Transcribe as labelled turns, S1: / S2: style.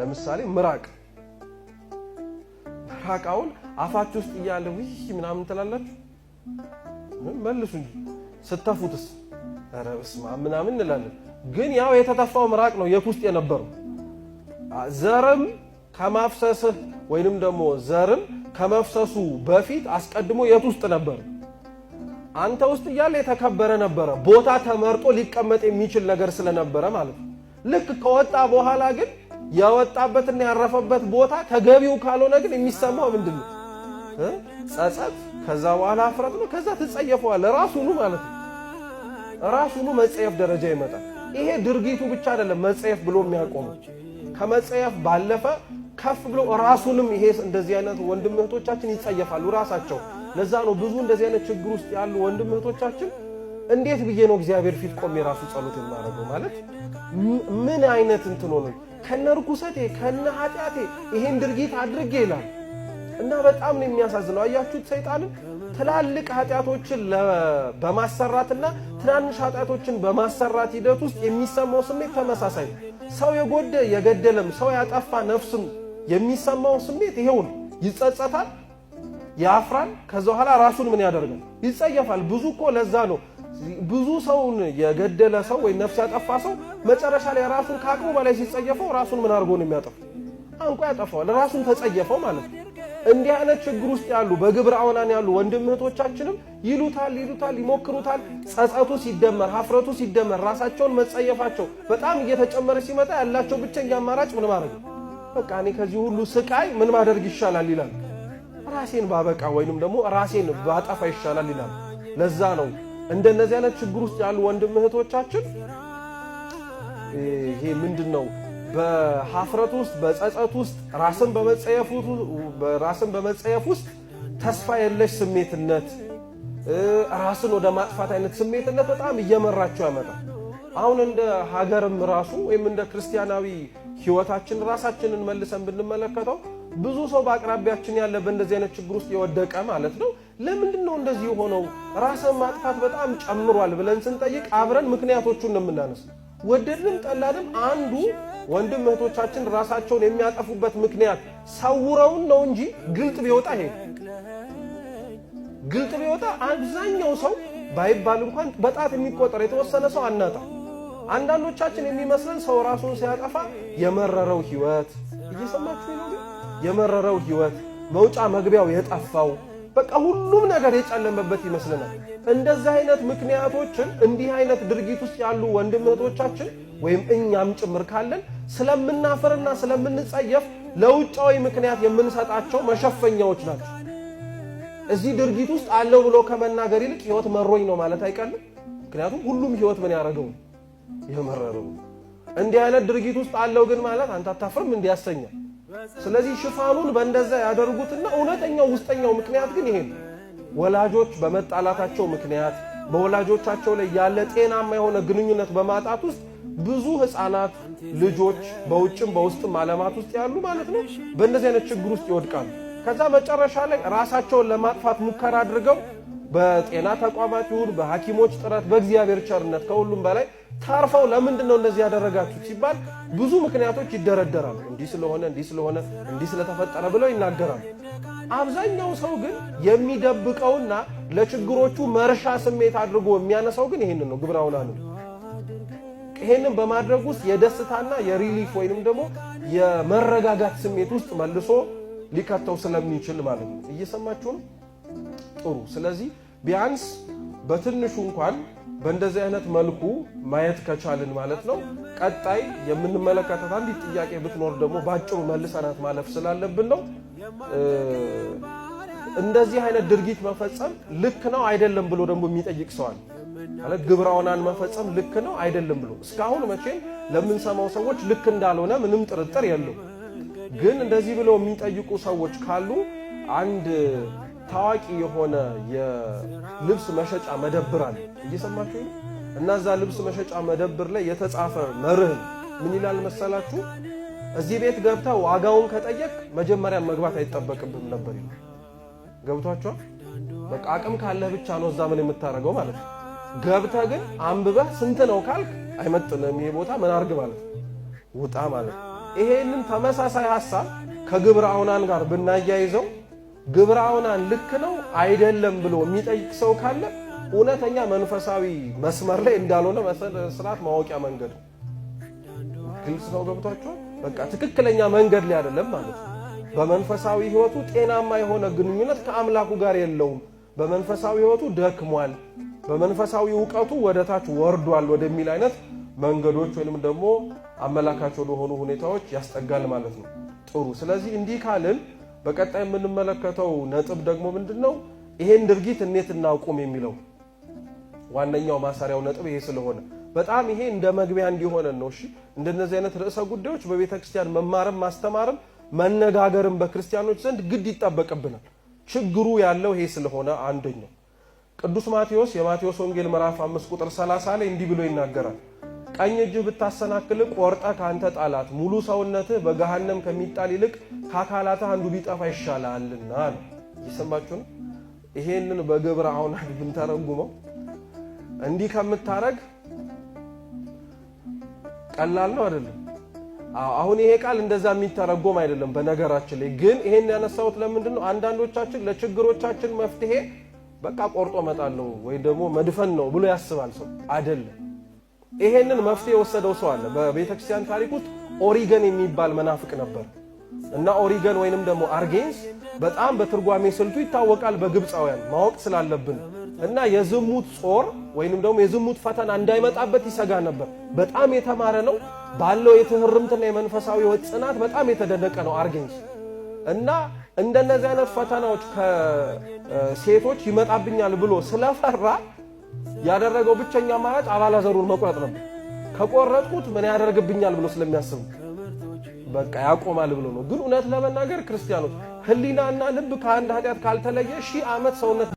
S1: ለምሳሌ ምራቅ ምራቃውን አፋችሁ ውስጥ እያለ ውይ ምናምን ትላላችሁ፣ መልሱ እንጂ ስተፉትስ ኧረ በስመ አብ ምናምን እንላለን። ግን ያው የተተፋው ምራቅ ነው የት ውስጥ የነበረው። ዘርም ከማፍሰስህ ወይንም ደግሞ ዘርም ከመፍሰሱ በፊት አስቀድሞ የት ውስጥ ነበር? አንተ ውስጥ እያለ የተከበረ ነበረ፣ ቦታ ተመርጦ ሊቀመጥ የሚችል ነገር ስለነበረ ማለት ነው። ልክ ከወጣ በኋላ ግን ያወጣበትና ያረፈበት ቦታ ተገቢው ካልሆነ ግን የሚሰማው ምንድን ነው? ጸጸት፣ ከዛ በኋላ አፍረት ነው። ከዛ ትጸየፈዋል ራሱኑ ማለት ነው። ራሱኑ መጸየፍ ደረጃ ይመጣል። ይሄ ድርጊቱ ብቻ አይደለም መጸየፍ ብሎ የሚያቆመው ከመጸየፍ ባለፈ ከፍ ብሎ ራሱንም ይሄ እንደዚህ አይነት ወንድም እህቶቻችን ይጸየፋሉ ራሳቸው። ለዛ ነው ብዙ እንደዚህ አይነት ችግር ውስጥ ያሉ ወንድም እህቶቻችን እንዴት ብዬ ነው እግዚአብሔር ፊት ቆሜ የራሱ ጸሎት የማደርገው? ማለት ምን አይነት እንትኖ ሆነ ከነ ርኩሰቴ ከነ ኃጢአቴ ይሄን ድርጊት አድርጌ ይላል እና በጣም ነው የሚያሳዝነው። አያችሁት ሰይጣንም ትላልቅ ኃጢአቶችን በማሰራትና ትናንሽ ኃጢአቶችን በማሰራት ሂደት ውስጥ የሚሰማው ስሜት ተመሳሳይ ነው። ሰው የጎደ የገደለም ሰው ያጠፋ ነፍስም የሚሰማው ስሜት ይሄውን ይጸጸታል፣ ያፍራል። ከዛ በኋላ ራሱን ምን ያደርጋል? ይጸየፋል። ብዙ እኮ ለዛ ነው ብዙ ሰውን የገደለ ሰው ወይም ነፍስ ያጠፋ ሰው መጨረሻ ላይ ራሱን ከአቅሙ በላይ ሲጸየፈው ራሱን ምን አድርጎ ነው የሚያጠፋው? አንቋ ያጠፋዋል። ራሱን ተጸየፈው ማለት ነው። እንዲህ አይነት ችግር ውስጥ ያሉ በግብረ አውናን ያሉ ወንድም እህቶቻችንም ይሉታል ይሉታል ይሞክሩታል። ጸጸቱ ሲደመር ሀፍረቱ ሲደመር ራሳቸውን መጸየፋቸው በጣም እየተጨመረ ሲመጣ ያላቸው ብቸኛ አማራጭ ምን ማድረግ በቃ እኔ ከዚህ ሁሉ ስቃይ ምን ማድረግ ይሻላል ይላል። ራሴን ባበቃ ወይንም ደግሞ ራሴን ባጠፋ ይሻላል ይላል። ለዛ ነው እንደነዚህ አይነት ችግር ውስጥ ያሉ ወንድም እህቶቻችን ይሄ ምንድን ነው በሀፍረት ውስጥ በጸጸት ውስጥ ራስን በመጸየፍ ራስን በመጸየፍ ውስጥ ተስፋ የለሽ ስሜትነት ራስን ወደ ማጥፋት አይነት ስሜትነት በጣም እየመራቸው ያመጣል። አሁን እንደ ሀገርም ራሱ ወይም እንደ ክርስቲያናዊ ህይወታችን ራሳችንን መልሰን ብንመለከተው ብዙ ሰው በአቅራቢያችን ያለ በእንደዚህ አይነት ችግር ውስጥ የወደቀ ማለት ነው ለምንድን ነው እንደዚህ የሆነው? ራስን ማጥፋት በጣም ጨምሯል ብለን ስንጠይቅ አብረን ምክንያቶቹን ነው የምናነሳው። ወደድንም ጠላንም አንዱ ወንድም እህቶቻችን ራሳቸውን የሚያጠፉበት ምክንያት ሰውረውን ነው እንጂ ግልጥ ቢወጣ ይሄ ግልጥ ቢወጣ አብዛኛው ሰው ባይባል እንኳን በጣት የሚቆጠር የተወሰነ ሰው አናጣ። አንዳንዶቻችን የሚመስለን ሰው ራሱን ሲያጠፋ የመረረው ህይወት እየሰማችሁ ነው፣ የመረረው ህይወት መውጫ መግቢያው የጠፋው በቃ ሁሉም ነገር የጨለመበት ይመስልናል። እንደዚህ አይነት ምክንያቶችን እንዲህ አይነት ድርጊት ውስጥ ያሉ ወንድምቶቻችን ወይም እኛም ጭምር ካለን ስለምናፈርና ስለምንጸየፍ ለውጫዊ ምክንያት የምንሰጣቸው መሸፈኛዎች ናቸው። እዚህ ድርጊት ውስጥ አለው ብሎ ከመናገር ይልቅ ህይወት መሮኝ ነው ማለት አይቀልም። ምክንያቱም ሁሉም ህይወት ምን ያደረገው የመረረው እንዲህ አይነት ድርጊት ውስጥ አለው ግን ማለት አንተ አታፍርም እንዲያሰኛል ስለዚህ ሽፋኑን በእንደዛ ያደርጉትና እውነተኛው ውስጠኛው ምክንያት ግን ይሄ ነው። ወላጆች በመጣላታቸው ምክንያት በወላጆቻቸው ላይ ያለ ጤናማ የሆነ ግንኙነት በማጣት ውስጥ ብዙ ህፃናት ልጆች በውጭም በውስጥም ዓለማት ውስጥ ያሉ ማለት ነው በእንደዚህ አይነት ችግር ውስጥ ይወድቃሉ። ከዛ መጨረሻ ላይ ራሳቸውን ለማጥፋት ሙከራ አድርገው በጤና ተቋማት ይሁን በሐኪሞች ጥረት በእግዚአብሔር ቸርነት ከሁሉም በላይ ታርፈው ለምንድን ነው እንደዚህ ያደረጋችሁ ሲባል ብዙ ምክንያቶች ይደረደራሉ። እንዲህ ስለሆነ እንዲህ ስለሆነ እንዲህ ስለተፈጠረ ብለው ይናገራሉ። አብዛኛው ሰው ግን የሚደብቀውና ለችግሮቹ መርሻ ስሜት አድርጎ የሚያነሳው ግን ይህንን ነው። ግብረ አውራኑ ይህንን በማድረግ ውስጥ የደስታና የሪሊፍ ወይንም ደግሞ የመረጋጋት ስሜት ውስጥ መልሶ ሊከተው ስለሚችል ማለት ነው። እየሰማችሁ ነው? ጥሩ። ስለዚህ ቢያንስ በትንሹ እንኳን በእንደዚህ አይነት መልኩ ማየት ከቻልን ማለት ነው ቀጣይ የምንመለከታት አንዲት ጥያቄ ብትኖር ደግሞ በአጭሩ መልሰናት ማለፍ ስላለብን ነው። እንደዚህ አይነት ድርጊት መፈጸም ልክ ነው አይደለም ብሎ ደግሞ የሚጠይቅ ሰዋል ማለት ግብራውናን መፈጸም ልክ ነው አይደለም ብሎ እስካሁን መቼም ለምንሰማው ሰዎች ልክ እንዳልሆነ ምንም ጥርጥር የለው። ግን እንደዚህ ብለው የሚጠይቁ ሰዎች ካሉ አንድ ታዋቂ የሆነ የልብስ መሸጫ መደብር አለ። እየሰማችሁ እና እዛ ልብስ መሸጫ መደብር ላይ የተጻፈ መርህ ምን ይላል መሰላችሁ? እዚህ ቤት ገብታ ዋጋውን ከጠየቅ መጀመሪያ መግባት አይጠበቅብም ነበር ይላል። ገብቷችኋል? በቃ አቅም ካለህ ብቻ ነው እዛ ምን የምታደርገው ማለት ነው። ገብተህ ግን አንብበህ ስንት ነው ካልክ አይመጥንም ይሄ ቦታ ምን አርግ ማለት ውጣ ማለት ይሄንን ተመሳሳይ ሀሳብ ከግብረ አውናን ጋር ብናያይዘው ግብራውናን ልክ ነው አይደለም ብሎ የሚጠይቅ ሰው ካለ እውነተኛ መንፈሳዊ መስመር ላይ እንዳልሆነ ስርዓት ማወቂያ መንገድ ግልጽ ነው። ገብቷቸዋል። በቃ ትክክለኛ መንገድ ላይ አይደለም ማለት ነው። በመንፈሳዊ ህይወቱ ጤናማ የሆነ ግንኙነት ከአምላኩ ጋር የለውም። በመንፈሳዊ ህይወቱ ደክሟል፣ በመንፈሳዊ እውቀቱ ወደታች ወርዷል ወደሚል አይነት መንገዶች ወይንም ደግሞ አመላካች ወደሆኑ ሁኔታዎች ያስጠጋል ማለት ነው። ጥሩ። ስለዚህ እንዲህ ካልን በቀጣይ የምንመለከተው ነጥብ ደግሞ ምንድን ነው? ይሄን ድርጊት እንዴት እናቁም የሚለው ዋነኛው ማሰሪያው ነጥብ ይሄ ስለሆነ በጣም ይሄ እንደ መግቢያ እንዲሆነን ነው። እሺ እንደነዚህ አይነት ርዕሰ ጉዳዮች በቤተ ክርስቲያን መማርም ማስተማርም መነጋገርም በክርስቲያኖች ዘንድ ግድ ይጠበቅብናል። ችግሩ ያለው ይሄ ስለሆነ አንደኛው ቅዱስ ማቴዎስ የማቴዎስ ወንጌል ምዕራፍ 5 ቁጥር 30 ላይ እንዲህ ብሎ ይናገራል። ቀኝ እጅህ ብታሰናክል ቆርጠህ ካንተ ጣላት፣ ሙሉ ሰውነትህ በገሃነም ከሚጣል ይልቅ ከአካላትህ አንዱ ቢጠፋ ይሻላልና አለ። እየሰማችሁ ነው። ይሄንን በግብር አሁን ብንተረጉመው እንዲህ ከምታረግ ቀላል ነው አይደለም? አሁን ይሄ ቃል እንደዛ የሚተረጎም አይደለም። በነገራችን ላይ ግን ይሄን ያነሳሁት ለምንድን ነው? አንዳንዶቻችን ለችግሮቻችን መፍትሄ በቃ ቆርጦ መጣል ነው ወይ ደግሞ መድፈን ነው ብሎ ያስባል ሰው አይደለም። ይሄንን መፍትሄ የወሰደው ሰው አለ። በቤተክርስቲያን ታሪክ ውስጥ ኦሪገን የሚባል መናፍቅ ነበር እና ኦሪገን ወይንም ደግሞ አርጌንስ በጣም በትርጓሜ ስልቱ ይታወቃል። በግብፃውያን ማወቅ ስላለብን እና የዝሙት ጾር ወይንም ደግሞ የዝሙት ፈተና እንዳይመጣበት ይሰጋ ነበር። በጣም የተማረ ነው ባለው የትህርምትና የመንፈሳዊ ህይወት ጽናት በጣም የተደነቀ ነው አርጌንስ እና እንደነዚህ አይነት ፈተናዎች ከሴቶች ይመጣብኛል ብሎ ስለፈራ ያደረገው ብቸኛ አማራጭ ዘሩን መቁረጥ ነበር። ከቆረጥኩት ምን ያደርግብኛል ብሎ ስለሚያስብ በቃ ያቆማል ብሎ ነው። ግን እውነት ለመናገር ክርስቲያኖች ሕሊናና ልብ ከአንድ ኃጢአት ካልተለየ ሺህ ዓመት ሰውነት